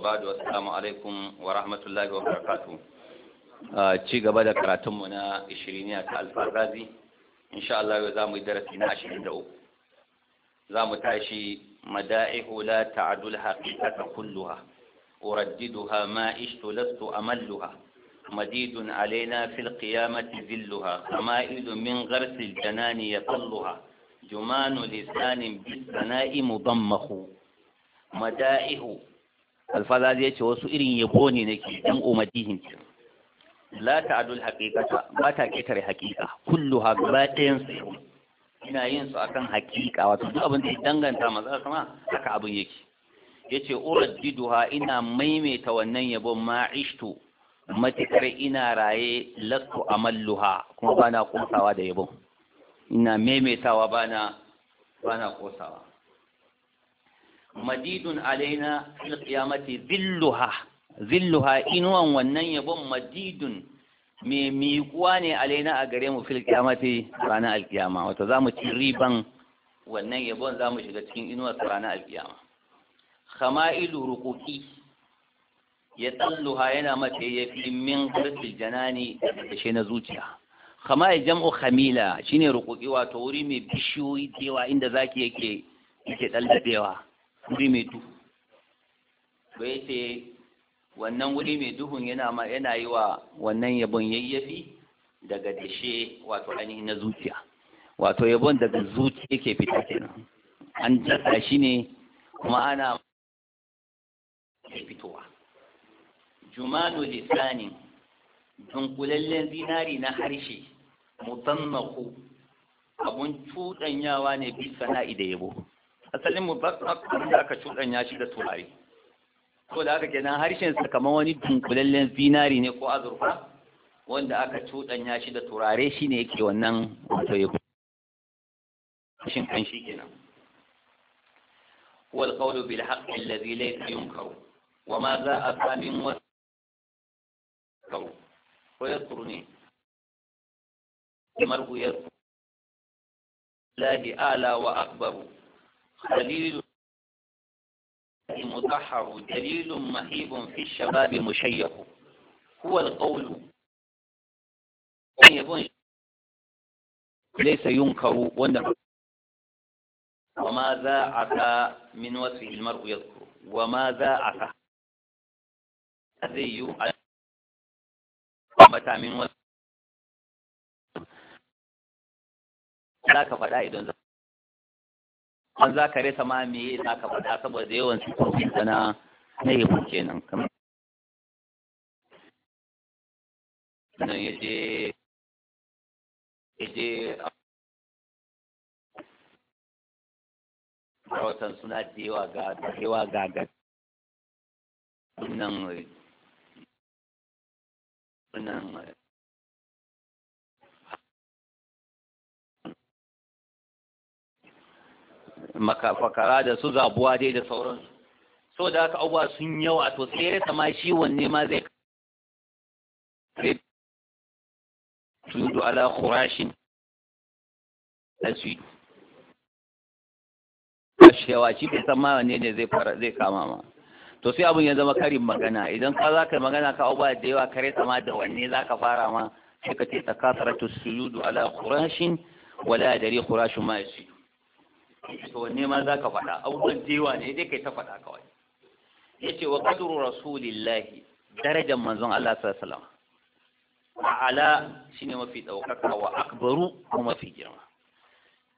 ba'du assalamu alaikum wa rahmatulahi wa barakatu uh, ci gaba da karatun mu na 20 ta alfarazi insha Allah za mu yi darasi na 23 za mu tashi mada'ihu la ta'dul haqiqata kulluha uraddiduha ma ishtulastu amalluha madidun alaina fil qiyamati zilluha kama idu min gharsi aljanani yaqalluha jumanu lisanin bis sana'i mudammahu mada'ihu alfaza zai ce wasu irin yabo ne nake dan umadihin ce la ta'dul haqiqata ba ta ketare haqiqa kulluha gaba ɗayan su ina yin su akan haqiqa wato duk abin da ya danganta maza sama haka abin yake yace uraddiduha ina maimaita wannan yabon ma ishtu matikar ina raye lasu amalluha kuma bana kosawa da yabon ina maimaitawa bana bana kosawa madidun alaina fil qiyamati zilluha zilluha inuwan wannan yabon madidun me miƙuwa ne alaina a gare mu fil qiyamati ranar alkiyama wato za mu ci riban wannan yabon za mu shiga cikin inuwar ranar alkiyama khama'ilu ruquqi ya tsalluha yana mace ya fi min kirtil janani da shi na zuciya khama'il jam'u khamila shine ruquqi wato wuri mai bishiyoyi dewa inda zaki yake yake dalladewa wuri mai duhu bai ce wannan wuri mai duhun yana ma yana yi wa wannan yabon yayyafi daga dashe wato ainihin na zuciya wato yabon daga zuciya ke fita kenan an dasa shi ne kuma ana fitowa jumanu lisanin dunkulallen zinari na harshe ku. abun cuɗanyawa ne bi sana'i da yabo asalin mu ba abin da aka cuɗanya shi da turare ko da aka kenan harshen sa kamar wani dunkulallen zinari ne ko azurfa wanda aka cuɗanya shi da turare shine yake wannan wato ya shin kan shi kenan wal qawlu bil haqq alladhi laysa yunkaru wa ma za a min wa ko yadkuruni mar'u yadkur lahi ala wa akbaru دليل مطهر دليل مهيب في الشباب مشيح هو القول ليس ينكر ونر وماذا عفا من وصفه المرء يذكر وماذا عفا الذي متى من وصفه لا كفلا إذن ذكر an za ka resa ma me sa ka faɗa saboda yawan sifofin na na yabo kenan kamar nan ya je ya je rahoton suna da ga da ga ga sunan nan makafakara da su zabuwa dai da sauransu so da haka abuwa sun yawa to sai ya sama shi wanne ma zai tudu ala khurashin aswi ashewa shi bai san ma wanne ne zai fara zai kama ma to sai abin ya zama karin magana idan ka yi magana ka abuwa da yawa kare sama da wanne za ka fara ma sai ka ce takasaratu suyudu ala khurashin wala dari kurashin ma yasudu to wanne ma za ka faɗa abubuwan jewa ne dai kai ta faɗa kawai ya ce wa ƙaduru rasulillahi darajar manzon Allah sallallahu alaihi wasallam ala shine mafi ɗaukaka wa akbaru kuma mafi girma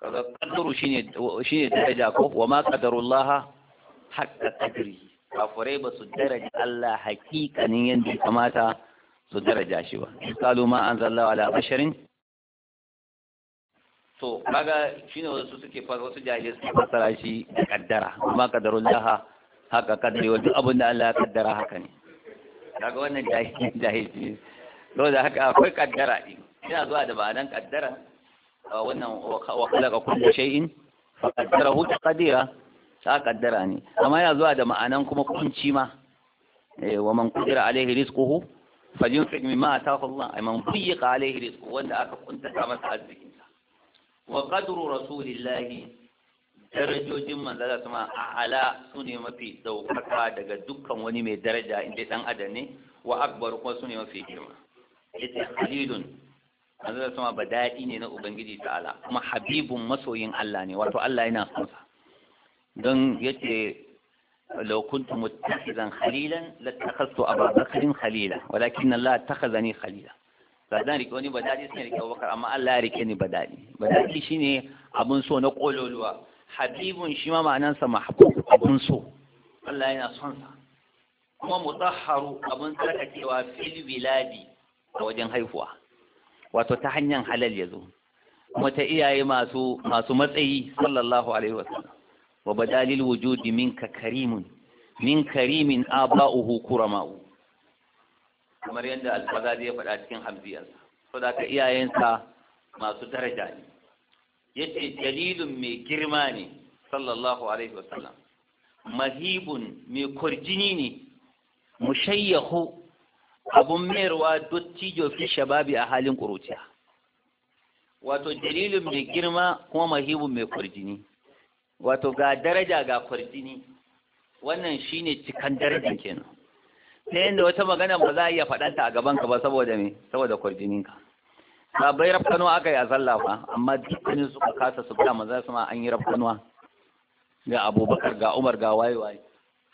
kaga kadaru shine daraja ko wa ma qadarullah hatta qadri kafirai ba su daraja Allah hakikanin yadda kamata su daraja shi ba qalu ma anzalallahu ala basharin to kaga shine wasu suke fara wasu jahilai suke fassara shi da kaddara kuma kadarun laha haka kadari wa duk abin da Allah ya kaddara haka ne kaga wannan jahilci to da haka akwai kaddara din ina zuwa da ma'anan kaddara wannan wa khalaqa kullu shay'in fa qaddarahu taqdira ta kaddara ne amma yana zuwa da ma'anan kuma kunci ma eh, wa man qadira alaihi rizquhu yunfiq mimma ataahu Allah ay man dhiqa alaihi rizquhu wanda aka kunta masa arziki wa rasulillahi darajojin manzara sama a ala su ne mafi daukaka daga dukkan wani mai daraja inda dan adam ne wa akbar kuma su ne mafi girma yace halidun manzara sama ba daɗi ne na ubangiji ta'ala kuma habibun masoyin Allah ne wato Allah yana son sa don yace لو كنت متخذا خليلا لاتخذت أبا بكر خليلا ولكن الله اتخذني خليلا ba zan rike wani ba daɗi sai rike abubakar amma Allah ya rike ni ba daɗi ba daɗi shine abun so na kololuwa habibun shi ma ma'anansa mahbub abun so Allah yana son sa kuma mutahharu abun tsarkakewa fil biladi a wajen haihuwa wato ta hanyar halal ya zo kuma ta iyaye masu masu matsayi sallallahu alaihi wasallam wa badalil wujudi minka karimun min karimin aba'uhu kurama'u kamar yadda alfazari ya faɗa cikin hamziyarsa so da ka iyayensa masu daraja ne ya ce dalilin mai girma ne sallallahu alaihi wasallam mahibun mai kurjini ne mushayyahu abun mayarwa dottijo fi shababi a halin ƙuruciya wato dalilin mai girma kuma mahibun mai kurjini wato ga daraja ga kurjini wannan shine cikan darajin kenan ta yadda wata magana ba za a iya faɗanta a gabanka ba saboda me saboda ba bai rafkanuwa aka yi a sallah ba amma dukkanin suka kasa su fara maza su ma an yi rafkanuwa ga abubakar ga umar ga waye waye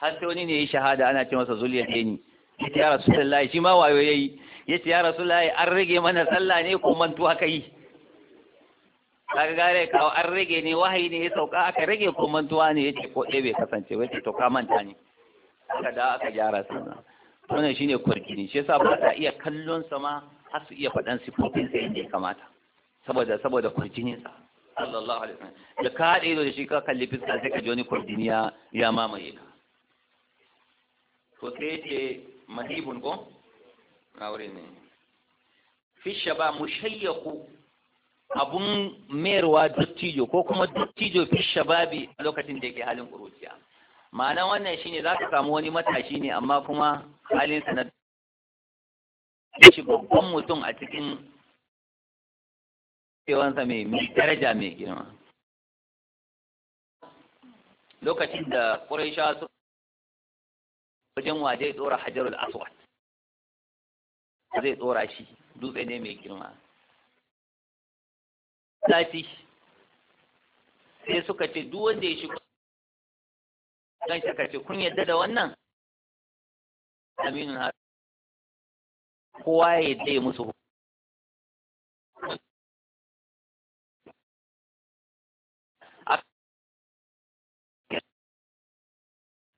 har sai wani ne ya yi shahada ana ce masa zuliya ni ya ce ya rasulullahi shi ma wayo ya yi ya ce ya rasulullahi an rage mana sallah ne ko mantuwa ka yi kaga gare kawo an rage ne wahayi ne ya sauka aka rage ko mantuwa ne ya ce ko ɗaya bai kasance ba ya ce to ka manta ne aka da aka gyara sallah wannan shine kwargini shi yasa ba ta iya kallon sa ma har su iya faɗan sifofin sa yadda ya kamata saboda saboda kwarginin sa sallallahu alaihi wasallam da ka haɗe ido da shi ka kalli fiska sai ka ji wani kwargini ya ya mamaye ka to sai ce mahibun ko na wurin ne fi shaba mushayyaku abun mayarwa dattijo ko kuma dattijo fi shababi a lokacin da yake halin kuruciya ma'ana wannan shine za ka samu wani matashi ne amma kuma halinsa na shi babban mutum a cikin cewansa mai daraja mai girma lokacin da ƙuraisha su wajen wa zai tsora hajarul aswad zai tsora shi dutse ne mai girma sai suka ce duk wanda ya shigo don shaka ce kun yadda da wannan aminu na kowa ya yadda ya musu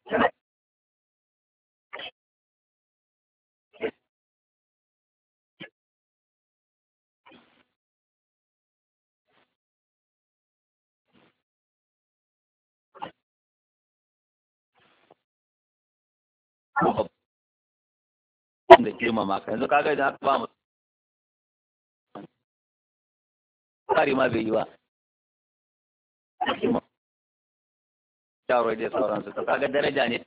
a da girmama ka yanzu kaga idan aka ba mu tsari ma bai yi ba shawarar da sauransu to kaga daraja ne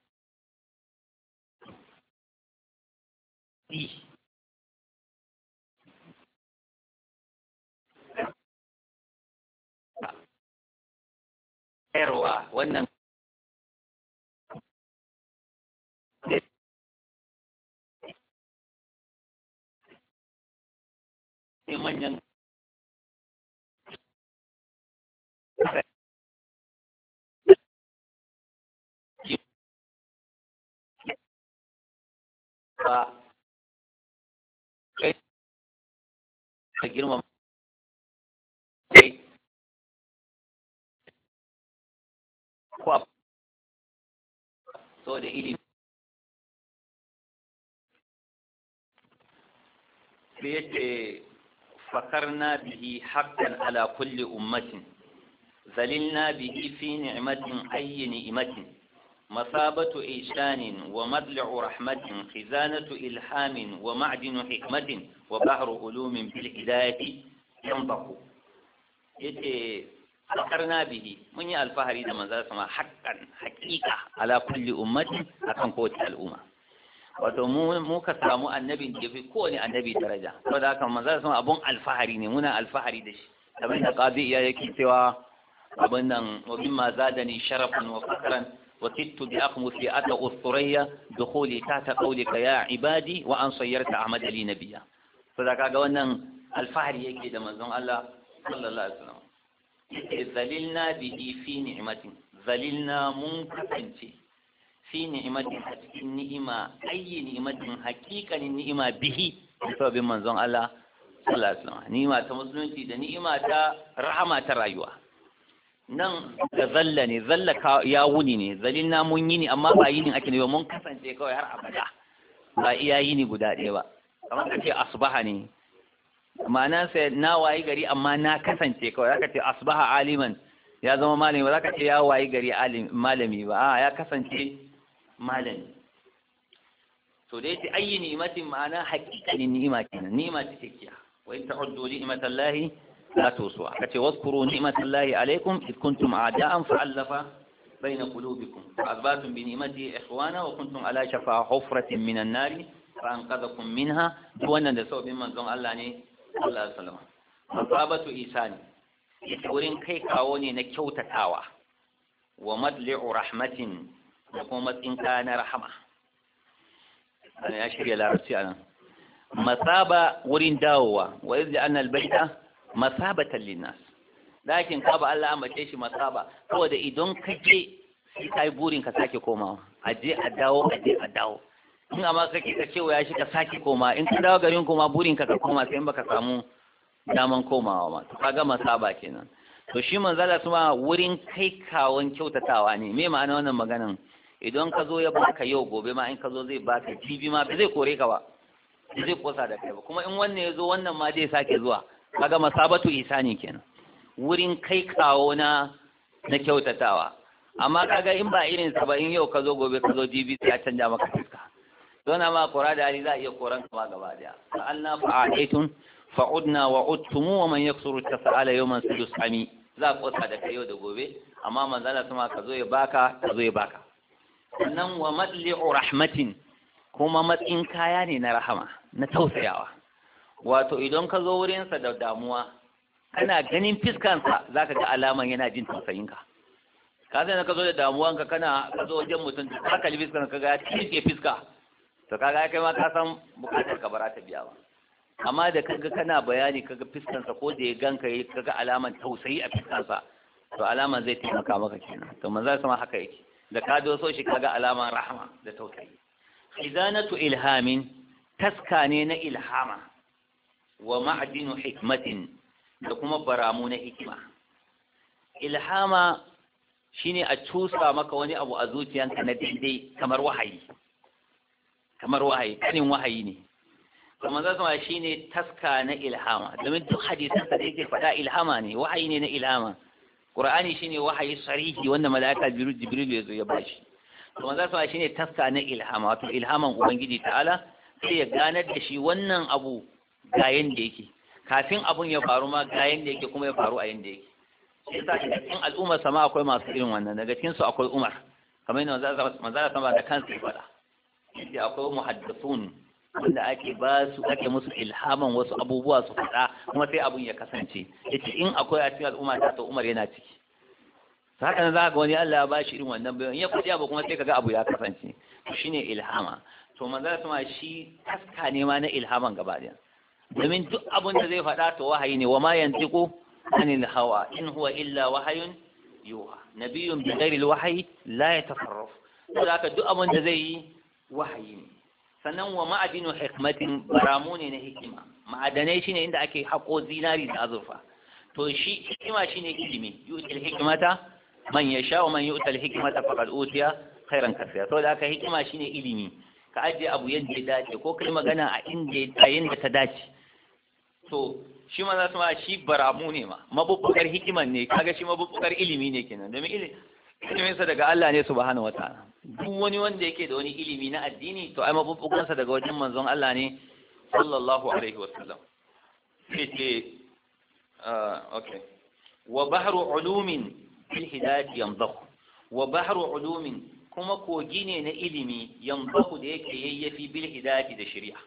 Yarwa wannan yung manyan ba cái cái girma mà cái so da ilimi da yake فقرنا به حقا على كل أمة ذللنا به في نعمة أي نعمة مصابة إيشان ومضلع رحمة خزانة إلحام ومعدن حكمة وبحر علوم بالهداية ينطق فقرنا به من الفهري دمان ذلك حقا حقيقة على كل أمة أكن قوة الأمة wato mu ka samu annabin da fi kowane annabi daraja saboda haka manzo sun abun alfahari ne muna alfahari da shi kamar da qadi ya yake cewa abin nan wa mimma zadani sharafan wa fakran wa tittu bi aqmu fi ata usturayya dukhuli tahta qawlika ya ibadi wa an sayyarta ahmad ali nabiyya saboda kaga wannan alfahari yake da manzon Allah sallallahu alaihi wasallam zalilna bihi fi ni'matin zalilna mun kasance fi ni'imatin a ni'ima ayyi ni'imatin hakikanin ni'ima bihi da manzon Allah sallallahu alaihi wasallam ni'ima ta musulunci da ni'ima ta rahama ta rayuwa nan da zalla ne zalla ya wuni ne na mun yi ne amma ba yi ni ake ne ba mun kasance kawai har abada ba iya yi ni guda ɗaya ba kamar ka ce asbaha ne ma'ana sai na wayi gari amma na kasance kawai zaka ce asbaha aliman ya zama malami ba zaka ce ya wayi gari malami ba a ya kasance malami to da yace ayyi ni'matin ma'ana haqiqanin ni'ima kenan ni'ima ce kiya wa in ta'uddu ni'matallahi la tusuha kace waskuru ni'matallahi alaikum id kuntum a'da'an fa'alafa بين da kuma matsin kaya na rahama ana ya shirya larabci nan. masaba wurin dawowa wa izi an albaita masaba masabatan lin-nas dakin kaba Allah ce shi masaba da idan kaje sai yi burin ka sake komawa aje a dawo aje a dawo in amma kake ka cewa ya shi ka sake koma in ka dawo garin koma burin ka ka koma sai in baka samu daman komawa ma ka ga masaba kenan to shi manzala kuma wurin kai kawon kyautatawa ne me ma'ana wannan maganan idan ka zo ya baka yau gobe ma in ka zo zai baka jibi ma ba zai kore ka ba zai kosa da kai ba kuma in wannan ya zo wannan ma zai sake zuwa kaga masabatu ne kenan wurin kai kawo na na kyautatawa amma kaga in ba irin sa ba in yau ka zo gobe ka zo jibi sai ya canja maka fuska zona ma kora da hali za a iya koran ka ma gaba daya aitun fa udna wa udtumu wa man yaksuru tasala yawman sudus ami za a kosa da kai yau da gobe amma manzala kuma ka zo ya baka ka zo ya baka sannan wa matli'u rahmatin kuma matsin kaya ne na rahama na tausayawa wato idan ka zo wurinsa da damuwa kana ganin fiskansa za ka ga alaman yana jin tausayinka ka zai na ka zo da damuwanka kana ka zo wajen mutum ka kalli fiskan ka ga ya ke fiska to ga kai ma ka san bukatar ka bara ta biya ba amma da kaga kana bayani kaga fiskansa ko da ya ganka kaga alaman tausayi a fiskansa to alaman zai taimaka maka kenan to manzo sama haka yake da ka doso shi kaga alaman rahama da tausayi khizanatu ilhamin taska ne na ilhama wa ma'adinu hikmatin da kuma baramu na hikima ilhama shine a cusa maka wani abu a zuciyanka na daidai kamar wahayi kamar wahayi kanin wahayi ne kuma za su shine taska na ilhama domin duk hadisan da yake faɗa ilhama ne wahayi ne na ilhama qur'ani shine wahayi sarihi wanda malaika jibril ya zo ya bashi to manzo sa shine taska na ilhama wato ilhaman ubangiji ta'ala sai ya ganar da shi wannan abu ga yanda yake kafin abun ya faru ma ga yanda yake kuma ya faru a yanda yake yasa daga cikin al'ummar sama akwai masu irin wannan daga cikin su akwai Umar kamar yadda manzara sama da kansa ya faɗa da akwai muhaddathun wanda ake ba su ake musu ilhaman wasu abubuwa su faɗa kuma sai abun ya kasance yace in akwai a cikin al'umma ta to Umar yana ciki haka za ga wani Allah ya ba irin wannan bayan ya kudi abu kuma sai kaga abu ya kasance shine ilhama to manzara kuma shi taska ne ma na ilhaman gaba ɗaya domin duk abun da zai faɗa to wahayi ne wa ma yantiqu anil hawa in huwa illa wahayun yuha nabiyyun bi ghairi al la yatafarraf to haka duk abun da zai yi wahayi ne sannan wa ma'adinu hikmatin baramu ne na hikima ma'adanai shine inda ake haƙo zinari da azurfa to shi hikima shine ilimi yu'til hikmata man yasha wa man yu'tal hikmata faqad utiya khairan kaseera to da haka hikima shine ilimi ka ajiye abu yadda ya dace ko kai magana a inda a yadda ta dace to shi ma za su ma shi baramu ne ma mabubbukar hikiman ne kaga shi mabubbukar ilimi ne kenan domin ilimi iliminsa daga Allah ne subhanahu wataala duk wani wanda yake da wani ilimi na addini to ai mabubukansa daga wajen manzon Allah ne sallallahu alaihi wasallam sai ah, okay wa bahru ulumin fil hidayati yamdahu wa bahru ulumin kuma kogi ne na ilimi yamdahu da yake yayyafi bil hidayati da shari'a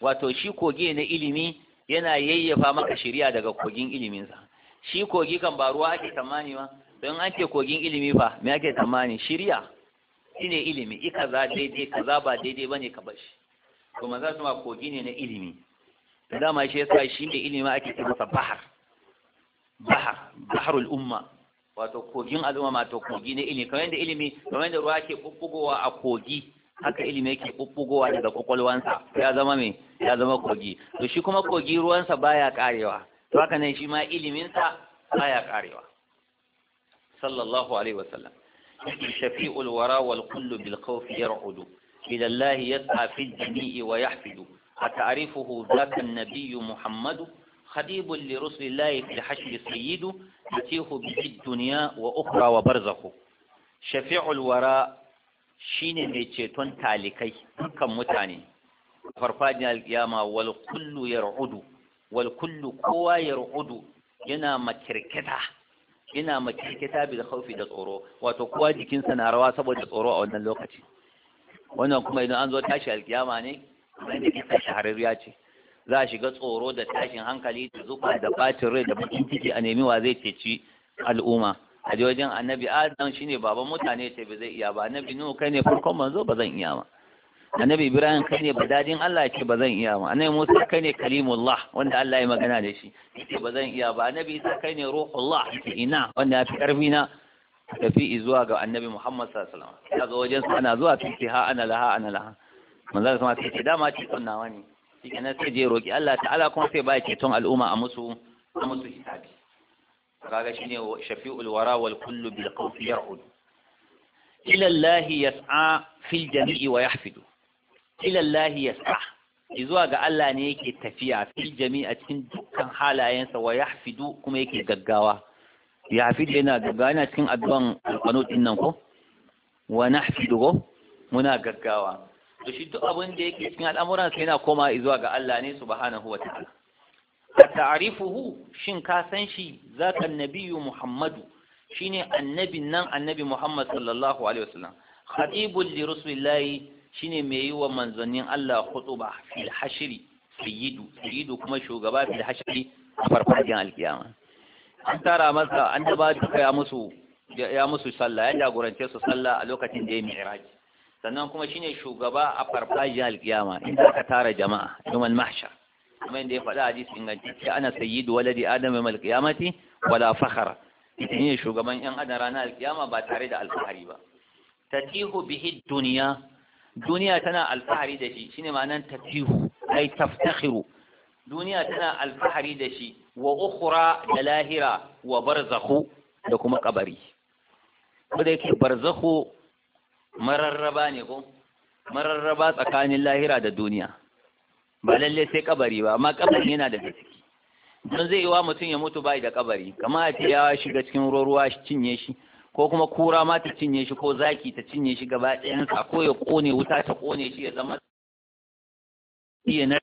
wato shi kogi na ilimi yana yayyafa maka shari'a daga kogin iliminsa shi kogi kan ba ruwa ake tsammani ba don an ce kogin ilimi fa me ake tsammani shirya shine ilimi ika za daidai kaza ba daidai bane ka bashi to manzo kuma kogi ne na ilimi da dama shi yasa shi ne ilimi ake kira sa bahar bahar baharul umma wato kogin al'umma to kogi ne ilimi kamar yadda ilimi kamar yadda ruwa ke bubbugowa a kogi haka ilimi yake bubbugowa daga kwakwalwansa ya zama me ya zama kogi to shi kuma kogi ruwansa baya karewa to haka nan shi ma iliminsa baya karewa sallallahu alaihi wasallam shafi'ul wara wal kullu bil khawf yar'udu ila Allah yas'a fi jami'i wa yahfidu ata'rifuhu zaka an-nabiy Muhammad khadib li rusulillah fi hashr sayyid yatihu bi wa ukhra wa barzakh shafi'ul wara shine mai ceton talikai dukkan mutane farfajiyar kiyama wal kullu yar'udu wal kullu kowa yar'udu yana makirkita ina makirkita bi da haufi da tsoro wato kowa jikinsa na rawa saboda tsoro a wannan lokaci wannan kuma idan an zo tashi alkiyama ne kamar da kisa shahararriya ce za a shiga tsoro da tashin hankali da zuba da bacin rai da bakin ciki a nemi wa zai ceci al'umma a wajen annabi adam shine baban mutane ce ba zai iya ba annabi nuhu kai ne farkon manzo ba zan iya ba annabi ibrahim kai ne badadin Allah ya ce ba zan iya ba annabi musa kai ne kalimullah wanda Allah ya magana da shi ce ba zan iya ba annabi isa kai ne ruhullah ina wanda ya fi karfi na tafi zuwa ga annabi muhammad sallallahu alaihi wasallam daga wajen su ana zuwa tafi ha ana laha ana laha manzo sama sai ce dama ce son nawa ne shi kenan sai je roki Allah ta'ala kuma sai ba ton al'umma a musu a musu hisabi kaga shine shafi'ul wara wal kullu bil qawfi yar'ud ila Allah yas'a fil jami'i wa yahfidu ilallahi yas'a zuwa ga Allah ne yake tafiya fi jami'a cikin dukkan halayensa wa yahfidu kuma yake gaggawa yahfidu yana gaggawa yana cikin addu'an alqanut din nan ko wa nahfidu ko muna gaggawa to shi duk abin da yake cikin al'amuran sa yana koma zuwa ga Allah ne subhanahu wata'ala ta'rifuhu shin ka san shi zaka annabiyyu muhammadu shine annabin nan annabi muhammad sallallahu alaihi wasallam khatibul li rasulillahi shine mai yi wa manzannin Allah khutuba fil hashri sayyidu sayyidu kuma shugaba fil hashri a farfajin alkiyama an tara masa an daba duka ya musu ya musu sallah ya jagorance su sallah a lokacin da ya mi'raj sannan kuma shine shugaba a farfajin alkiyama inda aka tara jama'a yawmal mahshar kuma inda ya faɗa hadisi ingantacce ana sayyidu waladi adam yawmal qiyamati wala fakhara shine shugaban yan adam ranar alkiyama ba tare da alfahari ba tatihu bihi duniya. duniya tana alfahari da shi shine ma'anar tafihu ai taftakhiru duniya tana alfahari da shi wa ukhra da lahira wa barzakhu da kuma kabari wanda yake barzakhu mararraba ne ko mararraba tsakanin lahira da duniya ba lalle sai kabari ba amma kabari yana da ciki don zai yi wa mutum ya mutu bai da kabari kamar a ce ya shiga cikin ruwa cinye shi ko kuma kura ma ta cinye shi ko zaki ta cinye shi gaba ɗayansa ko ya ƙone wuta ta ƙone shi ya zama iya na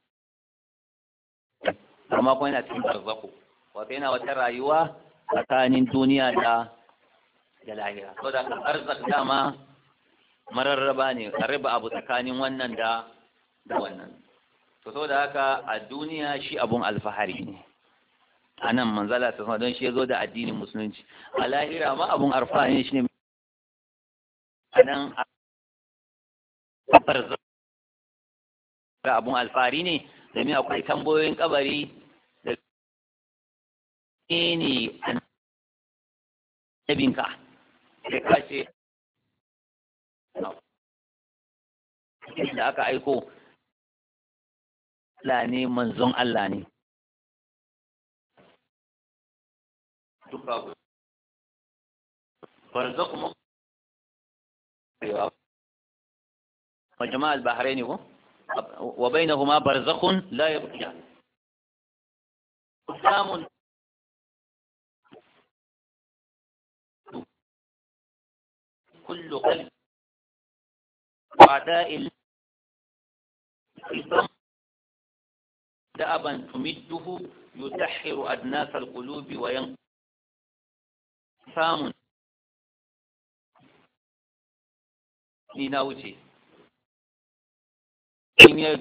amma kuma yana cikin barzako wato yana wata rayuwa tsakanin duniya da da lahira to da arzak dama mararraba ne a riba abu tsakanin wannan da da wannan to saboda haka a duniya shi abun alfahari ne a nan manzala ta sama don shi ya zo da addinin musulunci a lahira ma abun arfa ne shi ne a nan a kafar da abun alfari ne mi akwai tambayoyin kabari da ne a nabinka da kashe da aka aiko Allah ne manzon Allah ne duka barzakum وجماع البحرين وبينهما برزخ لا يبقيان قدام كل قلب أعداء دأبا تمده يدحر أدناس القلوب وينقل samun ni na wuce in ya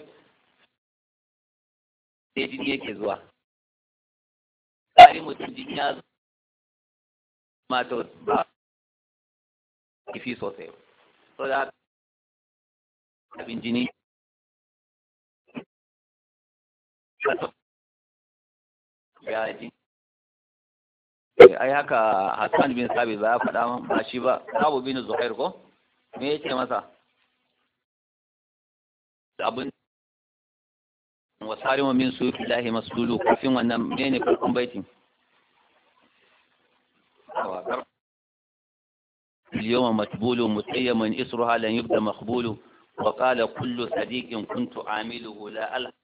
sai jini yake zuwa tsari mutum jini ya mato ba kifi sosai so da abin jini ya jini Eh, ai haka Hassan bin Sabit ba ya faɗa ba shi ba Abu bin Zuhair ko me yake masa abin sarimu min su fi lahi masulu kafin wannan mene farkon baitin اليوم مقبول متيم إسرها لن يبدأ مقبول وقال كل صديق كنت عامله لا ألحق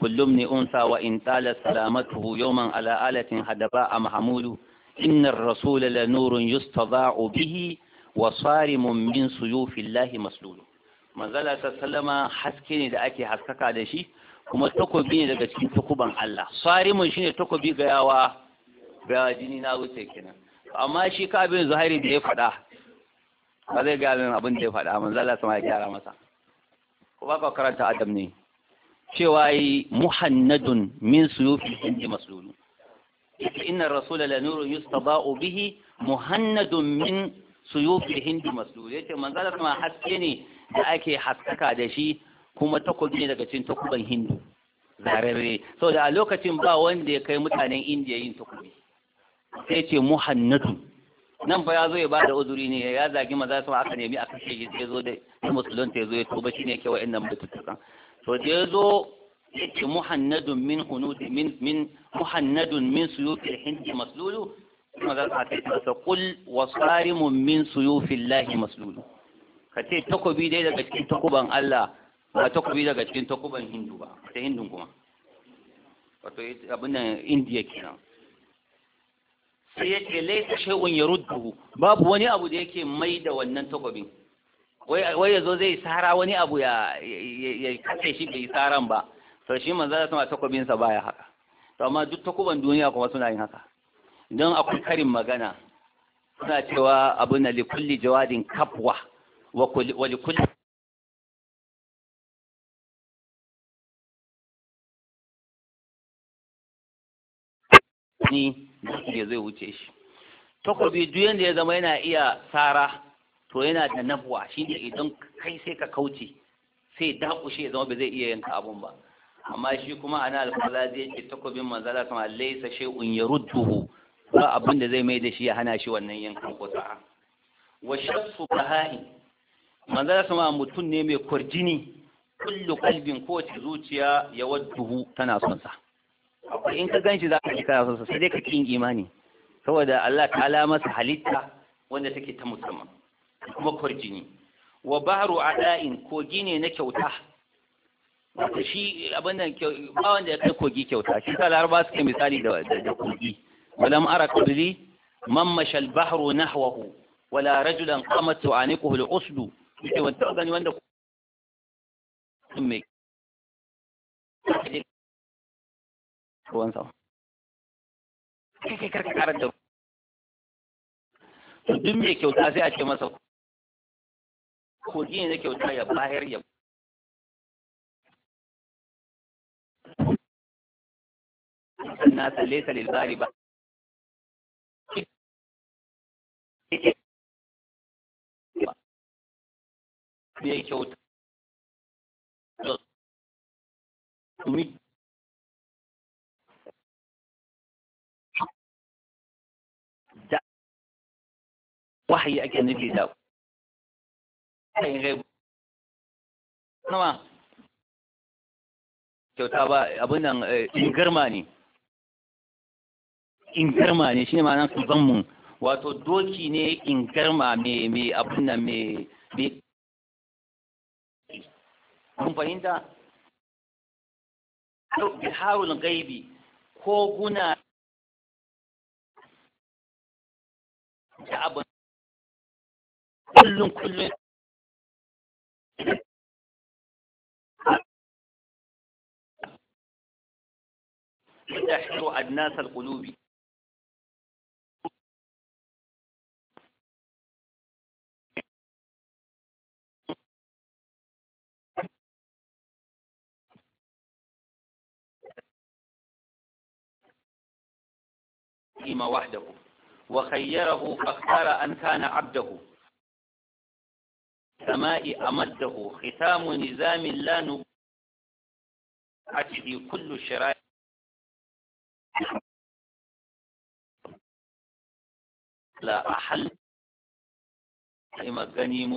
kullum ne unsa wa in Salamatu, salamatuhu al'adatin ala hadaba a Mahmudu, innar rasula la nurun yustada'u bihi wa sarimun min suyufillahi maslulu manzala ta salama haske ne da ake haskaka da shi kuma takobi ne daga cikin takuban Allah sarimun shine takobi ga yawa ga jini na wuce kenan amma shi ka abin Zuhari da ya faɗa ba zai ga abin da ya faɗa manzala sama ya kyara masa ko ba ka karanta adam ne cewa yi muhannadun min suyufi hindi maslulu inna rasula la nurun yustaba'u bihi muhannadun min suyufi hindi maslulu yace manzalar kuma haske ne da ake haskaka da shi kuma takobi ne daga cikin takuban hindu Sau da a lokacin ba wanda ya kai mutanen indiya yin takobi sai ce muhannadun nan ba ya zo ya bada uzuri ne ya zagi maza su aka nemi a kashe shi sai zo da musulunta ya zo ya tuba kewa ke mutu tukan to da ya zo yake muhannadun min hunudi min min maslulu kuma za ka ce masa kul min lahi maslulu ka ce takobi dai daga cikin takuban Allah ba takobi daga cikin takuban hindu ba ta hindun kuma wato abin nan indiya kenan sai ya laisa shay'un yarudduhu babu wani abu da yake mai da wannan takobin wai ya zo zai sara wani abu ya kace shi bai saran ba to shi manzan sama takobinsa baya haka to amma duk takuban duniya kuma suna yin haka don akwai karin magana suna cewa abu na likulli jawadin kafwa wa likulli ni da zai wuce shi takobi duk yanda ya zama yana iya tsara to yana da shi ne idan kai sai ka kauce sai dakushe zama bai zai iya yanka abun ba amma shi kuma ana alfala zai ce takobin manzala kama laisa shay'un yarudduhu ba abin da zai mai da shi ya hana shi wannan yankan ko wa shafsu baha'i manzala sama mutum ne mai kwarjini kullu kalbin kowace zuciya ya wadduhu tana son sa akwai in ka ganshi za ka ji kana son sa sai dai ka kin imani saboda Allah ta ala masa halitta wanda take ta musamman kuma jini. wa a ada'in kogi ne na kyauta wato shi abin da ba wanda ya kai kogi kyauta shi sa laraba suke misali da da kogi walam ara qadri mammasha al-bahru nahwahu wala rajulan qamat tu'aniquhu al-usdu yake wanda gani wanda me ruwan sama kai kai karka karar da duk mai kyauta sai a ce masa kogi ne na kyauta ya bayar ya na tsalle tsalle ba ya kyauta wahayi ake nufi da nawa kyauta ba abin nan eh, in garma ne in garma ne shine ma'anar su wato doki ne in garma me me abin nan me me kun fahimta biharul gaibi ko guna da abin kullum kullum يدحر أدناس القلوب وحده وخيره فاختار أن كان عبده السماء أمده ختام نظام لا نبقى في كل شرائع لا أحل لما غنيم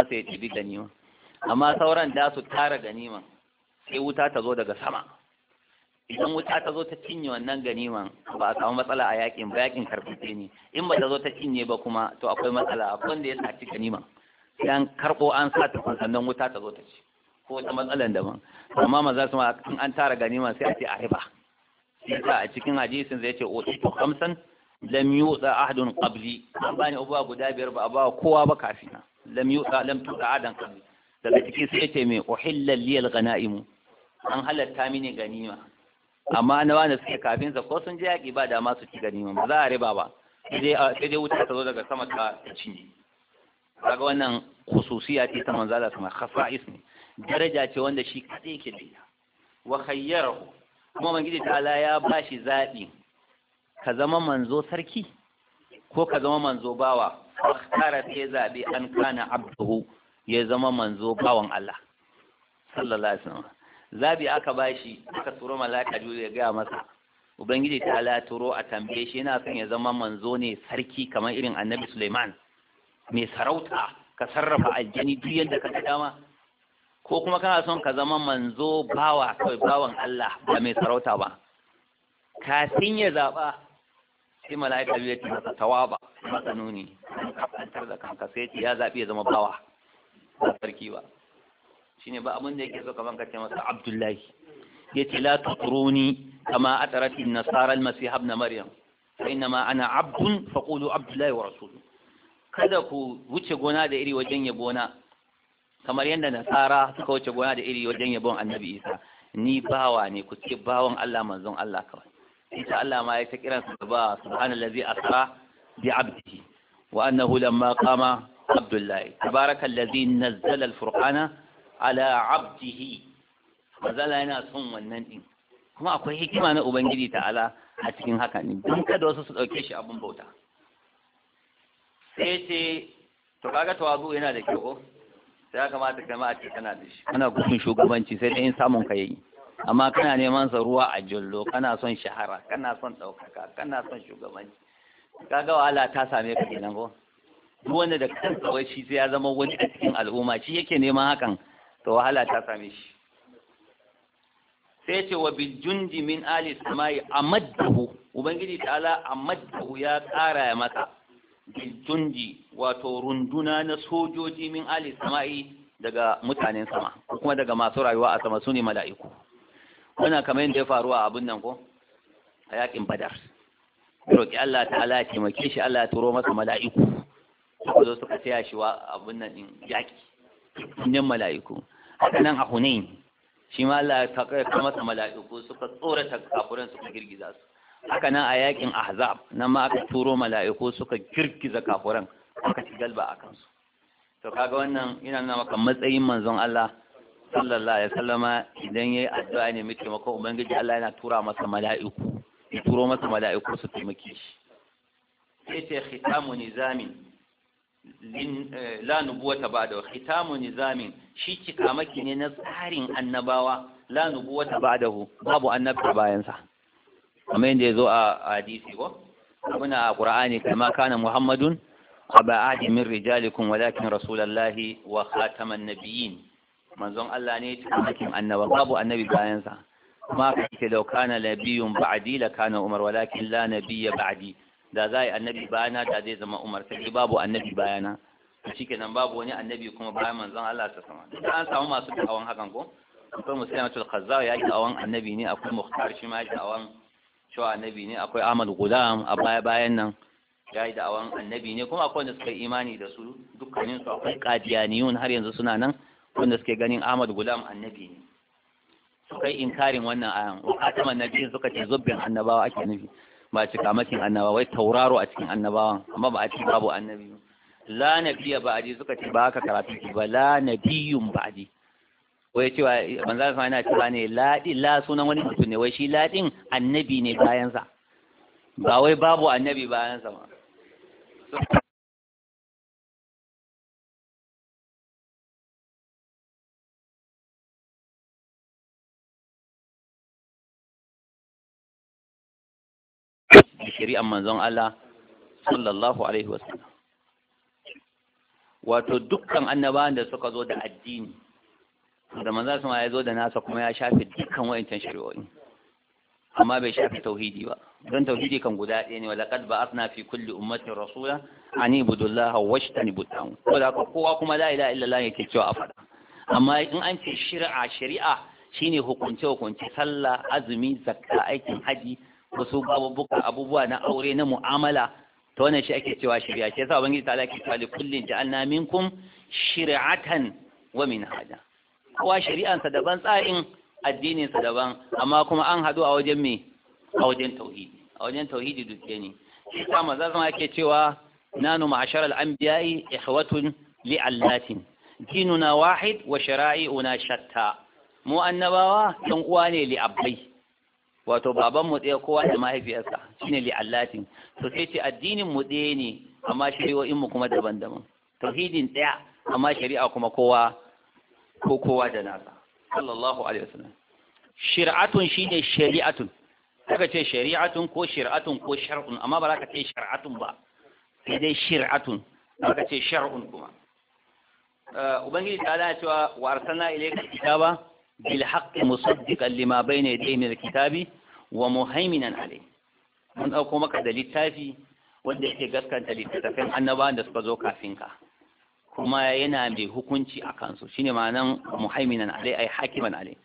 sai ya ci ganima amma sauran da su tara ganiman sai wuta ta zo daga sama idan wuta ta zo ta cinye wannan ganiman ba a samu matsala a yakin ba yakin karfafe ne in ba ta zo ta cinye ba kuma to akwai matsala wanda ya saci ganima dan karko an sa ta sannan wuta ta zo ta ci ko ta matsalan daban amma maza su ma in an tara ganima sai a ce a riba yasa a cikin hadisin zai ce utitu khamsan lam yusa ahadun qabli an bani abuwa guda biyar ba a ba kowa ba kafina lam yusa lam tusa adan qabli daga cikin sai ce me uhilla liyal ghanaimu an halatta mini ganima amma na wanda suke kafin sa ko sun je yaƙi ba ma su ci gani ba za a riba ba sai dai wuta ta zo daga sama ta cinye kaga wannan khususiya ce ta manzala kuma khasa'is ne daraja ce wanda shi kadai yake da ita wa khayyarahu kuma ta ala ya bashi zabi ka zama manzo sarki ko ka zama manzo bawa akhtara sai zabi an kana abduhu ya zama manzo bawan Allah sallallahu alaihi wasallam zabi aka bashi aka turo malaka jibril ya gaya masa ubangiji ta ala turo a tambaye shi yana son ya zama manzo ne sarki kamar irin annabi suleiman mai sarauta ka sarrafa aljani duk yadda ka ga dama ko kuma kana son ka zama manzo bawa kawai bawan Allah ba mai sarauta ba kafin ya zaba sai mala'ika ya ce masa tawaba masa nuni ka da kanka sai ya zaɓi ya zama bawa ba sarki ba shine ba abin da yake so kaman kace masa Abdullahi yace la tutruni kama atarat an-nasara al-masih ibn maryam fa ma ana abdun faqulu Abdullahi wa kada ku wuce gona da iri wajen yabona kamar yadda nasara suka wuce gona da iri wajen yabon annabi isa ni bawa ne ku ce bawan Allah manzon Allah kawai ita Allah ma ya ta kiran su ba subhanallazi asra bi abdihi wa annahu lamma qama abdullahi tabarakallazi nazzala alfurqana ala abdihi mazala yana son wannan din kuma akwai hikima na ubangiji ta'ala a cikin haka ne don kada wasu su dauke shi abun bauta sai ce to kaga tawazu yana da kyau sai ya kamata kama a cikin kana da shi kana gudun shugabanci sai dai in samun ka yi. amma kana neman sa ruwa a jallo, kana son shahara kana son ɗaukaka kana son shugabanci kaga wahala ta same ka kenan ko duk wanda da kansa wai shi sai ya zama wani a cikin al'umma shi yake neman hakan to wahala ta same shi sai ce wa bil jundi min ali samai amaddahu ubangiji ta'ala amaddahu ya kara ya masa bil jundi wato runduna na sojoji min ali samai daga mutanen sama ko kuma daga masu rayuwa a sama sune mala'iku wannan kamar yadda ya faruwa a abin nan ko a yakin badar roƙi Allah ta'ala ya taimake shi Allah ya turo masa mala'iku suka zo suka taya shi wa abin nan din yaki kunyan mala'iku nan a hunain shi ma Allah ya saka masa mala'iku suka tsorata kafuran suka girgiza su haka nan a yakin ahzab nan ma aka turo mala'iku suka girgiza kafuran aka ci galba a kansu to kaga wannan ina nuna maka matsayin manzon Allah sallallahu alaihi wasallama idan yayi addu'a ne muke maka ubangiji Allah yana tura masa mala'iku ya turo masa mala'iku su taimake shi yace khitamu nizamin Eh, la nubuwata ba da hitamu nizamin shi cika maki ne na tsarin annabawa la nubuwata ba da hu babu annabta bayansa kamar yadda ya zo a hadisi ko abuna a qur'ani kama kana muhammadun aba ahadi min rijalikum walakin rasulullahi wa khataman nabiyyin manzon Allah ne cikamakin annaba babu annabi bayansa ma kake laukana nabiyun ba'di lakana umar walakin la nabiyya ba'di da za a yi annabi bayana da zai zama umar sai babu annabi bayana shi ke nan babu wani annabi kuma bayan manzon Allah ta sama da an samu masu da'awan hakan ko akwai musulmatul khazza ya yi da'awan annabi ne akwai muhtar shi ma ya da'awan cewa annabi ne akwai ahmad gulam a baya bayan nan ya yi da'awan annabi ne kuma akwai wanda suka yi imani da su dukkanin su akwai qadiyaniyun har yanzu suna nan wanda suke ganin ahmad gulam annabi ne suka yi inkarin wannan ayan wa khataman nabiyyin suka ce zubbin annabawa ake nufi ba cika makin annaba wai tauraro a cikin annabawan amma ba a ci babu annabi la nabiyya aji suka ce ba haka karatu ki ba la nabiyyun aji wai cewa manzo Allah yana cewa ne la la sunan wani mutum ne wai shi din annabi ne bayan sa ba wai babu annabi bayan sa ba shari'ar manzon Allah sallallahu alaihi wasallam wato dukkan annabawan da suka zo da addini da manzon sama ya zo da nasa kuma ya shafi dukkan wayancan shari'o'i amma bai shafi tauhidi ba don tauhidi kan guda ɗaya ne wala qad ba'athna fi kulli ummatin rasula an ibudu llaha wajtanibu tawu ko da kowa kuma la ilaha illallah yake cewa a faɗa amma in an ce shari'a shari'a shine hukunce hukunce sallah azumi zakka aikin haji wasu babubuka abubuwa na aure na mu'amala ta wannan shi ake cewa shirya shi yasa ubangiji ta laki ta kullin ja'alna minkum shir'atan wa minhaja kowa shari'ansa daban tsarin addininsa daban amma kuma an haɗu a wajen me a wajen tauhidi a wajen tauhidi duke ne shi sa maza zama ake cewa nanu ma'ashar al'anbiya'i ihwatun li'allatin dinuna wahid wa shara'i'una shatta mu annabawa yan uwa ne li'abbai wato baban mu ɗaya kowa da mahaifiyarsa shine li allatin to sai ce addinin mu ɗaya ne amma shari'o'in mu kuma daban-daban tauhidin ɗaya amma shari'a kuma kowa ko kowa da nasa sallallahu alaihi wasallam shir'atun shine shari'atun kaga ce shari'atun ko shir'atun ko shar'un amma ba za ka ce shari'atun ba sai dai shir'atun za ka ce shar'un kuma eh, ubangiji ta cewa wa arsalna ilayka kitaba بالحق مصدقا لما بين يديه من الكتاب ومهيمنا عليه mun ɗauko maka da littafi wanda yake gaskanta littattafin annabawan da suka zo kafin ka kuma yana mai hukunci a kansu ne ma'anan muhaiminan alai ai hakiman alai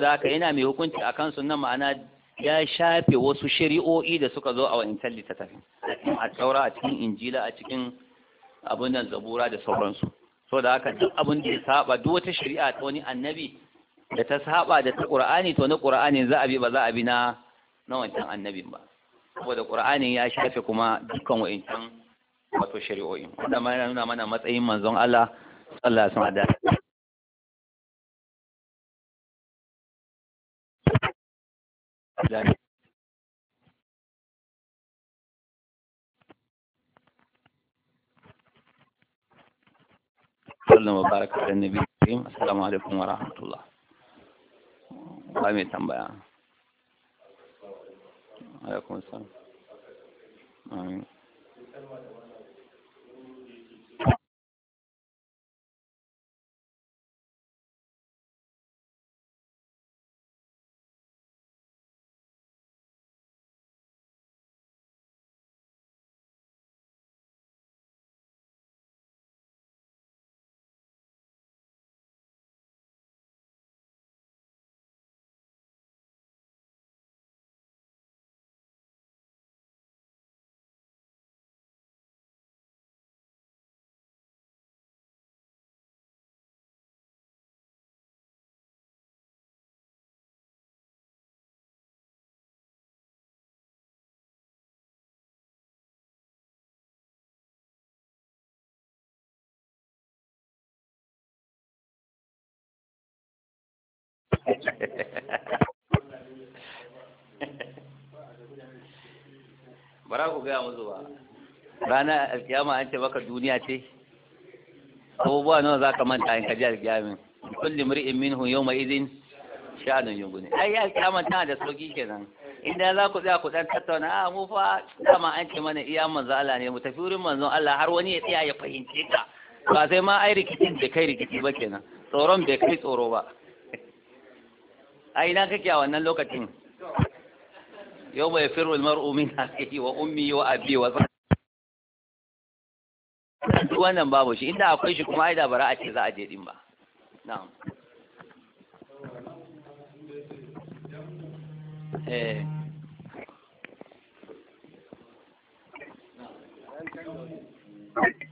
da haka yana mai hukunci a kansu nan ma'ana ya shafe wasu shari'o'i da suka zo a wancan littattafin a cikin a cikin injila a cikin abin nan zabura da sauransu So da haka duk abin da ya saba duk wata shari'a ta wani annabi da ta saba da ta qur'ani to na qur'anin za a bi ba za a bi na na wancan annabin ba saboda qur'anin ya shafe kuma dukkan wa'incan wato shari'o'in wanda ma yana nuna mana matsayin manzon Allah sallallahu alaihi wasallam da وسلم وبارك على النبي الكريم السلام عليكم ورحمة الله ba mai tambaya alaikun salam amin bara ku gaya musu ba Rana alkiyama an ce baka duniya ce abubuwa nawa za ka manta in ka ji alkiyamin kullum mri'in minhu izin idin yin yuguni ai alkiyama tana da sauki kenan inda za ku tsaya ku dan tattauna a ah, mu fa dama an ce mana iya manzo Allah ne mu tafi wurin manzon Allah har wani ya tsaya ya fahimce ka ba sai ma ai rikicin da kai rikici ba kenan tsoron bai kai tsoro ba a ina kake a wannan lokacin yau bai firu umi na. kai wa ummi wa abi wa duk wannan babu shi inda akwai shi kuma aida bara a ce za a je din ba na'am eh Thank you.